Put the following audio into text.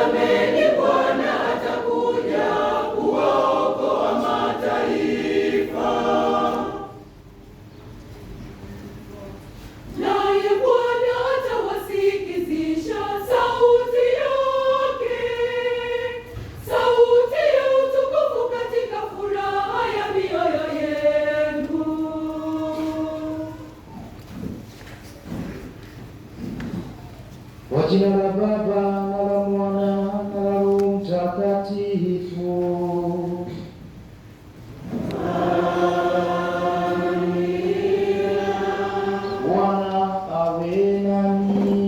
tazameni Bwana atakuja kuwaokoa mataifa. Naye Bwana atawasikizisha sauti yake, sauti ya utukufu katika furaha ya mioyo yenu. Kwa jina la Baba Amém. Hum.